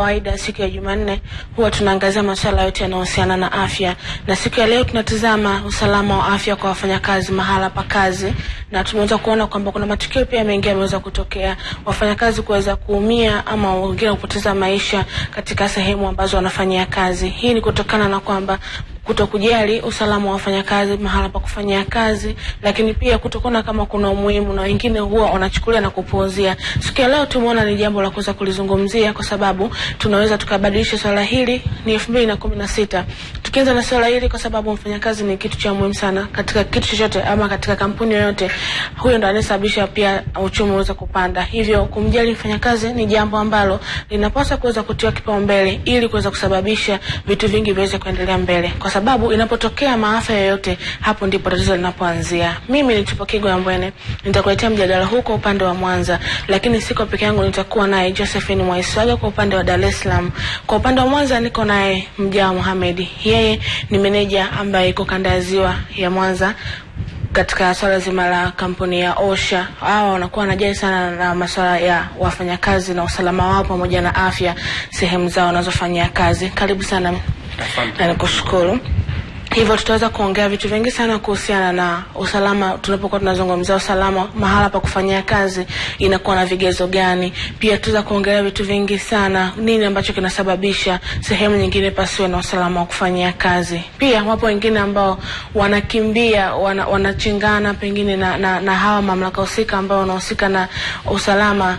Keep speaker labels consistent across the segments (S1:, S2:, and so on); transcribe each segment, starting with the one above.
S1: Kawaida siku ya Jumanne huwa tunaangazia masuala yote yanayohusiana na afya, na siku ya leo tunatizama usalama wa afya kwa wafanyakazi mahala pa kazi, na tumeweza kuona kwamba kuna matukio pia mengi yameweza kutokea, wafanyakazi kuweza kuumia ama wengine kupoteza maisha katika sehemu ambazo wanafanyia kazi. Hii ni kutokana na kwamba kutokujali usalama wa wafanyakazi mahala pa kufanyia kazi, lakini pia kutokuona kama kuna umuhimu, na wengine huwa wanachukulia na kupuuzia. Siku ya leo tumeona ni jambo la kuweza kulizungumzia, kwa sababu tunaweza tukabadilisha swala hili. Ni elfu mbili na kumi na sita tukianza na swala hili, kwa sababu mfanyakazi ni kitu cha muhimu sana katika kitu chochote ama katika kampuni yoyote, huyo ndo anayesababisha pia uchumi uweze kupanda. Hivyo kumjali mfanyakazi ni jambo ambalo linapaswa kuweza kutiwa kipaumbele ili kuweza kusababisha vitu vingi viweze kuendelea mbele kwa sababu inapotokea maafa yoyote, hapo ndipo tatizo linapoanzia. Mimi ni Chupa Tupokigo Mbwene, nitakuletea mjadala huu kwa upande wa Mwanza, lakini siko peke yangu, nitakuwa naye Josephine Mwaisaga kwa upande wa Dar es Salaam. Kwa upande wa Mwanza niko naye Mjaa Muhamedi, yeye ni meneja ambaye iko kanda ya ziwa ya Mwanza katika swala zima la kampuni ya OSHA. Hawa wanakuwa wanajali sana na masuala ya wafanyakazi na usalama wao pamoja na afya sehemu zao wanazofanyia kazi. Karibu sana na Nakushukuru. Hivyo tutaweza kuongea vitu vingi sana kuhusiana na usalama. Tunapokuwa tunazungumzia usalama, mahala pa kufanyia kazi inakuwa na vigezo gani? Pia tutaweza kuongelea vitu vingi sana, nini ambacho kinasababisha sehemu nyingine pasiwe na usalama wa kufanyia kazi. Pia wapo wengine ambao wanakimbia, wana, wanachingana pengine na, na, na hawa mamlaka husika ambao wanahusika na usalama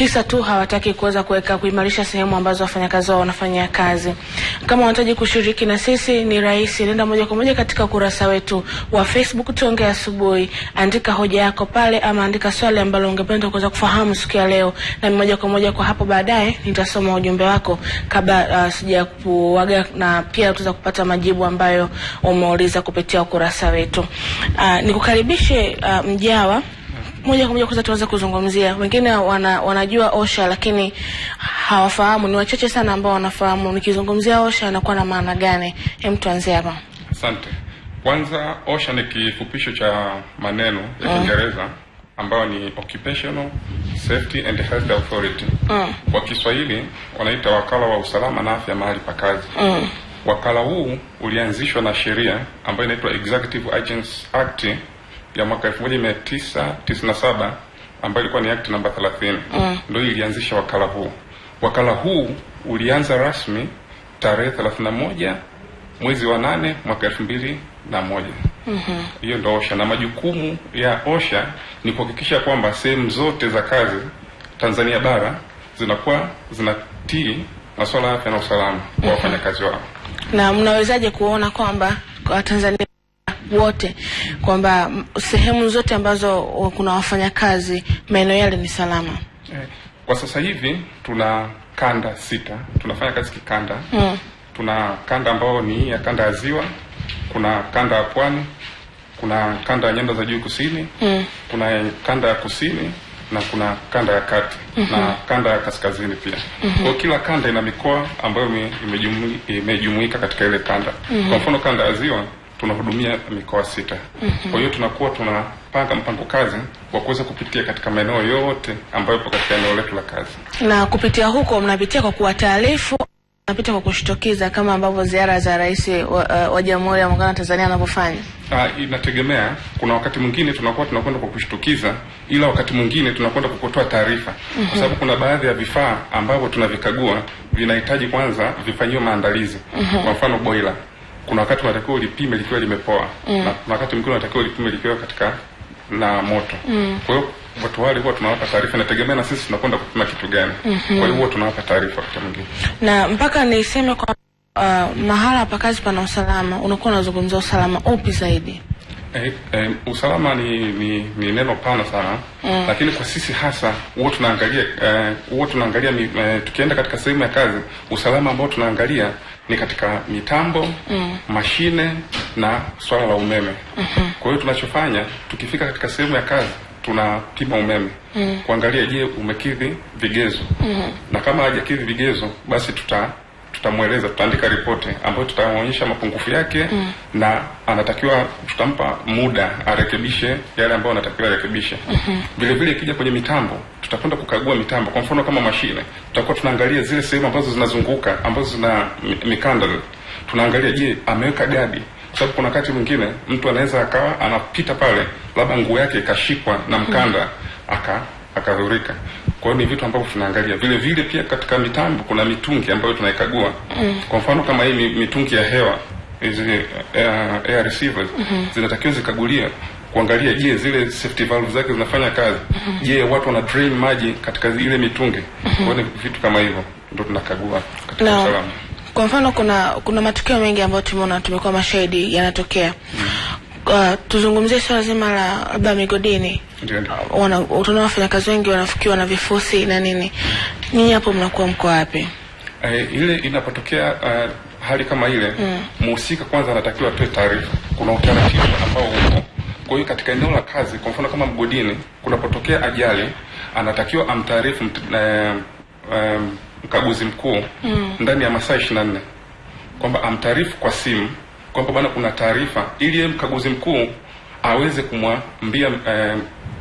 S1: Kisa tu hawataki kuweza kuweka kuimarisha sehemu ambazo wafanyakazi wao wanafanya kazi. Kama unahitaji kushiriki na sisi, ni rahisi, nenda moja kwa moja katika ukurasa wetu wa Facebook tuongee asubuhi, andika hoja yako pale, ama andika swali ambalo ungependa kuweza kufahamu siku ya leo, na moja kwa moja kwa hapo baadaye nitasoma ujumbe wako kabla uh, sija kuaga, na pia utaweza kupata majibu ambayo umeuliza kupitia ukurasa wetu. Uh, nikukaribishe uh, Mjawa moja kwa moja kwanza tuanze kuzungumzia, wengine wana, wanajua OSHA lakini hawafahamu, ni wachache sana ambao wanafahamu. Nikizungumzia OSHA inakuwa na maana gani? Hem, tuanze hapa.
S2: Asante. Kwanza OSHA ni kifupisho cha maneno ya mm. Kiingereza mm. ambayo ni Occupational Safety and Health Authority mm. kwa Kiswahili wanaita wakala wa usalama na afya mahali pa kazi mm. wakala huu ulianzishwa na sheria ambayo inaitwa Executive Agents Act ya mwaka 1997 ambayo ilikuwa ni act namba 30 mm. ndio ilianzisha wakala huu. Wakala huu ulianza rasmi tarehe 31 mwezi wa nane mwaka elfu mbili na moja. mm hiyo -hmm. Ndo OSHA na majukumu ya OSHA ni kuhakikisha kwamba sehemu zote za kazi Tanzania bara zinakuwa zinatii masuala ya afya na usalama kwa mm -hmm. wafanyakazi wao.
S1: Na mnawezaje kuona kwamba kwa Tanzania wote kwamba sehemu zote ambazo kuna wafanyakazi maeneo yale ni salama. Eh,
S2: kwa sasa hivi tuna kanda sita tunafanya kazi kikanda mm. Tuna kanda ambayo ni ya kanda ya Ziwa, kuna kanda ya Pwani, kuna kanda ya Nyanda za Juu Kusini mm. Kuna kanda ya Kusini na kuna kanda ya kati mm -hmm. na mm-hmm. kanda ya kaskazini pia mm -hmm. Kwa kila kanda ina mikoa ambayo imejumuika katika ile kanda mm -hmm. Kwa mfano kanda ya Ziwa tunahudumia mikoa sita. mm -hmm. Kwa hiyo tunakuwa tunapanga mpango kazi wa kuweza kupitia katika maeneo yote ambayo ipo katika eneo letu la kazi,
S1: na kupitia huko mnapitia kwa kuwataarifu napita kwa kushtukiza kama ambavyo ziara za rais wa, uh, wa Jamhuri ya Muungano wa Tanzania anavyofanya.
S2: Uh, inategemea. Kuna wakati mwingine tunakuwa tunakwenda kwa kushtukiza, ila wakati mwingine tunakwenda kwa kutoa taarifa mm -hmm. kwa sababu kuna baadhi ya vifaa ambavyo tunavikagua vinahitaji kwanza vifanyiwe maandalizi mm -hmm. kwa mfano boiler kuna wakati unatakiwa ulipime likiwa limepoa mm. na kuna wakati mwingine unatakiwa ulipime likiwa katika na moto mm. kwa hiyo watu wale huwa tunawapa taarifa, inategemea na sisi tunakwenda kupima kitu gani. mm -hmm. Kwa hiyo huwa tunawapa taarifa wakati mwingine,
S1: na mpaka niseme kwa uh, mahala pa kazi pana usalama, unakuwa unazungumzia usalama upi zaidi?
S2: Eh, eh, usalama ni, ni ni neno pana sana mm. Lakini kwa sisi hasa huo tunaangalia huo eh, tunaangalia eh, tukienda katika sehemu ya kazi, usalama ambao tunaangalia ni katika mitambo mm. mashine na swala la umeme mm -hmm. Kwa hiyo tunachofanya tukifika katika sehemu ya kazi tunapima umeme mm. kuangalia, je, umekidhi vigezo mm -hmm. na kama hajakidhi vigezo basi tuta tutamweleza, tutaandika ripoti ambayo tutaonyesha mapungufu yake mm. na anatakiwa, tutampa muda arekebishe yale ambayo anatakiwa arekebishe. Mm-hmm. Vile vile ikija kwenye mitambo, tutakwenda kukagua mitambo. Kwa mfano kama mashine, tutakuwa tunaangalia zile sehemu ambazo zinazunguka ambazo zina mikanda, tunaangalia, je, ameweka gadi sababu kuna wakati mwingine mtu anaweza akawa anapita pale, labda nguo yake ikashikwa na mkanda, mm. aka akadhurika. Kwa hiyo ni vitu ambavyo tunaangalia vile vile. Pia katika mitambo kuna mitungi ambayo tunaikagua mm. Kwa mfano kama hii mitungi ya hewa hizi eh, air, air receivers mm -hmm. zinatakiwa zikagulia kuangalia, je, zile safety valve zake zinafanya kazi mm-hmm. je mm -hmm. watu wana drain maji katika ile mitungi mm -hmm. Kwa hiyo mm-hmm. vitu kama hivyo ndio tunakagua katika no. usalama.
S1: Kwa mfano kuna kuna matukio mengi ambayo tumeona tumekuwa mashahidi yanatokea mm -hmm. Uh, tuzungumzie swala zima la labda migodini. Uh, tuna wafanyakazi wengi wanafukiwa na vifusi na nini. Nyinyi hapo mnakuwa mko wapi?
S2: Uh, ile inapotokea uh, hali kama ile hmm. muhusika mm, kwanza anatakiwa atoe taarifa. Kuna utaratibu ambao huko kwa hiyo katika eneo la kazi, kwa mfano kama mgodini, kunapotokea ajali anatakiwa amtaarifu eh, eh, mkaguzi mkuu mm, ndani ya masaa ishirini nne kwamba amtaarifu kwa simu kwamba bwana, kuna taarifa, ili mkaguzi mkuu aweze kumwambia eh,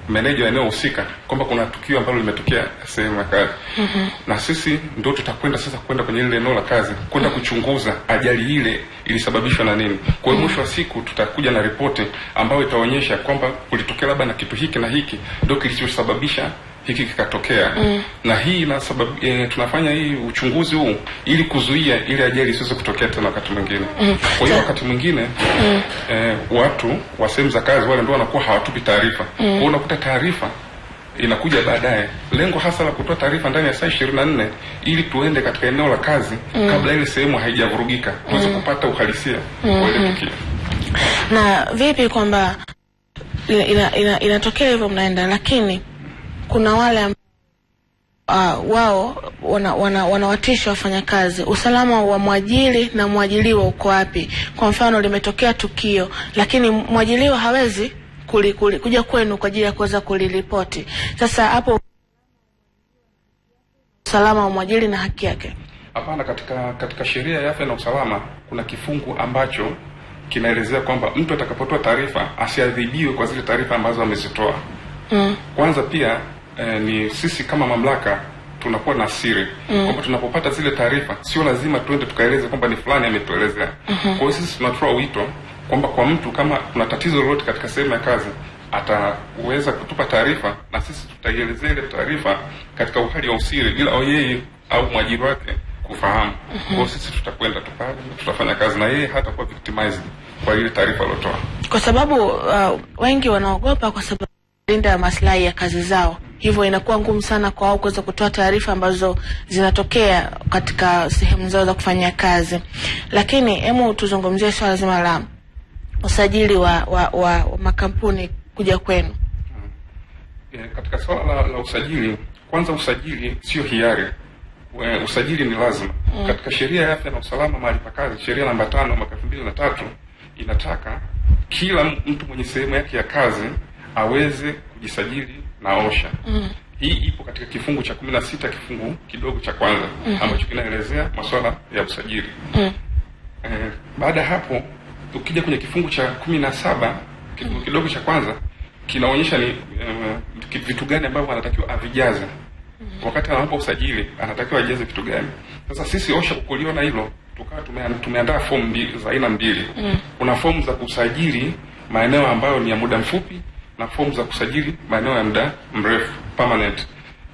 S2: meneja eneo husika kwamba kuna tukio ambalo limetokea sehemu ya kazi mm -hmm. Na sisi ndio tutakwenda sasa kwenda kwenye ile eneo la kazi kwenda kuchunguza ajali ile ilisababishwa na nini. Kwa hiyo mhm. mwisho wa siku tutakuja na ripoti ambayo itaonyesha kwamba kulitokea labda na kitu hiki na hiki ndio kilichosababisha hiki kikatokea mm. na hii la sababu e, tunafanya hii uchunguzi huu ili kuzuia ile ajali isiweze kutokea tena wakati mwingine mm. kwa hiyo wakati mwingine mm. e, watu wa sehemu za kazi wale ndio wanakuwa hawatupi taarifa mm. kwao unakuta taarifa inakuja baadaye. Lengo hasa la kutoa taarifa ndani ya saa ishirini na nne ili tuende katika eneo la kazi mm. kabla ile sehemu haijavurugika tuweze mm. kupata uhalisia mm -hmm. wa mm-hmm. ile tukio.
S1: Na vipi kwamba inatokea ina, ina, ina hivyo mnaenda, lakini kuna wale uh, wao wanawatisha wana, wana wafanyakazi. Usalama wa mwajiri na mwajiliwa uko wapi? Kwa mfano limetokea tukio, lakini mwajiliwa hawezi kuli, kuli, kuja kwenu kwa ajili ya kuweza kuliripoti. Sasa hapo usalama wa mwajiri na haki yake.
S2: Hapana, katika katika sheria ya afya na usalama kuna kifungu ambacho kinaelezea kwamba mtu atakapotoa taarifa asiadhibiwe kwa zile taarifa ambazo amezitoa. Mm. Kwanza pia eh, ni sisi kama mamlaka tunakuwa na siri mm. kwamba tunapopata zile taarifa sio lazima tuende tukaeleze kwamba ni fulani ametuelezea. mm -hmm. Kwa hiyo sisi tunatoa wito kwamba kwa mtu kama kuna tatizo lolote katika sehemu ya kazi ataweza kutupa taarifa na sisi tutaielezea ile taarifa katika uhali wa usiri bila yeye au mwajiri wake kufahamu. mm -hmm. Kwa sisi tutakwenda tu pale, tutafanya kazi na yeye, hata kuwa victimized kwa ile taarifa aliyotoa,
S1: kwa sababu uh, wengi wanaogopa kwa sababu linda maslahi ya kazi zao. mm hivyo inakuwa ngumu sana kwa wao kuweza kutoa taarifa ambazo zinatokea katika sehemu zao za kufanyia kazi. Lakini hemu tuzungumzie swala zima la usajili wa, wa, wa, wa makampuni kuja kwenu.
S2: Eh, katika swala la, la usajili, kwanza usajili sio hiari usajili ni lazima mm. Katika sheria ya afya na usalama mahali pa kazi, sheria namba tano mwaka elfu mbili na tatu inataka kila mtu mwenye sehemu yake ya kazi aweze kujisajili naosha mm. Hii ipo katika kifungu cha kumi na sita kifungu kidogo cha kwanza mm -hmm. ambacho kinaelezea masuala ya usajili mm. Eh, baada ya hapo ukija kwenye kifungu cha kumi na saba kifungu mm. kidogo cha kwanza kinaonyesha ni uh, vitu gani ambavyo anatakiwa avijaze mm -hmm. wakati anapo usajili anatakiwa ajaze vitu gani. Sasa sisi OSHA kuliona hilo tukawa tumeandaa fomu za aina mbili mm. kuna fomu za kusajili maeneo ambayo ni ya muda mfupi na fomu za kusajili maeneo ya muda mrefu permanent.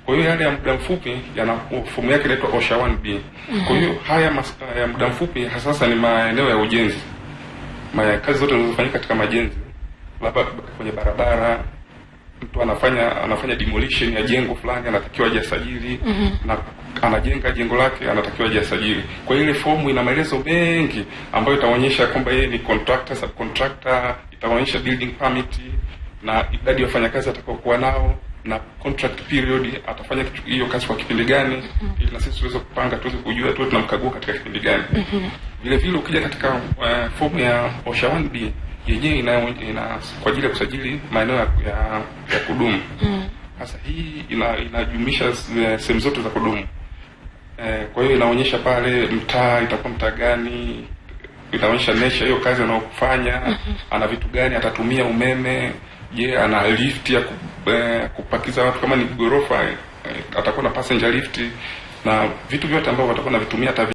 S2: Kwa hiyo yale ya muda mfupi yana fomu yake inaitwa OSHA 1B. Kwa hiyo mhm. haya mas, eh, ya muda mfupi hasa ni maeneo ya ujenzi, maya kazi zote zinazofanyika katika majenzi, labda kwenye barabara mtu anafanya anafanya demolition ya jengo fulani, anatakiwa aje asajili mm -hmm. na anajenga jengo lake, anatakiwa aje asajili. Kwa ile fomu ina maelezo mengi ambayo itaonyesha kwamba yeye ni contractor, subcontractor, itaonyesha building permit, na idadi ya wafanyakazi atakaokuwa nao na contract period, atafanya hiyo kazi kwa kipindi gani, mm -hmm. ili na sisi tuweze kupanga, tuweze kujua tuwe tunamkagua katika kipindi gani. Mhm. Vile vile ukija katika uh, fomu ya OSHA 1B yenyewe ina, ina kwa ajili ya kusajili maeneo ya, ya ya kudumu mhm. sasa hii inajumuisha ina eh, sehemu zote za kudumu e, kwa hiyo inaonyesha pale mtaa itakuwa mtaa gani, inaonyesha nesha hiyo kazi anayofanya, mhm. ana vitu gani, atatumia umeme Je, yeah, ana lift ya eh, kupakiza watu kama ni ghorofa, eh, atakuwa na passenger lift na vitu vyote ambavyo watakuwa navitumia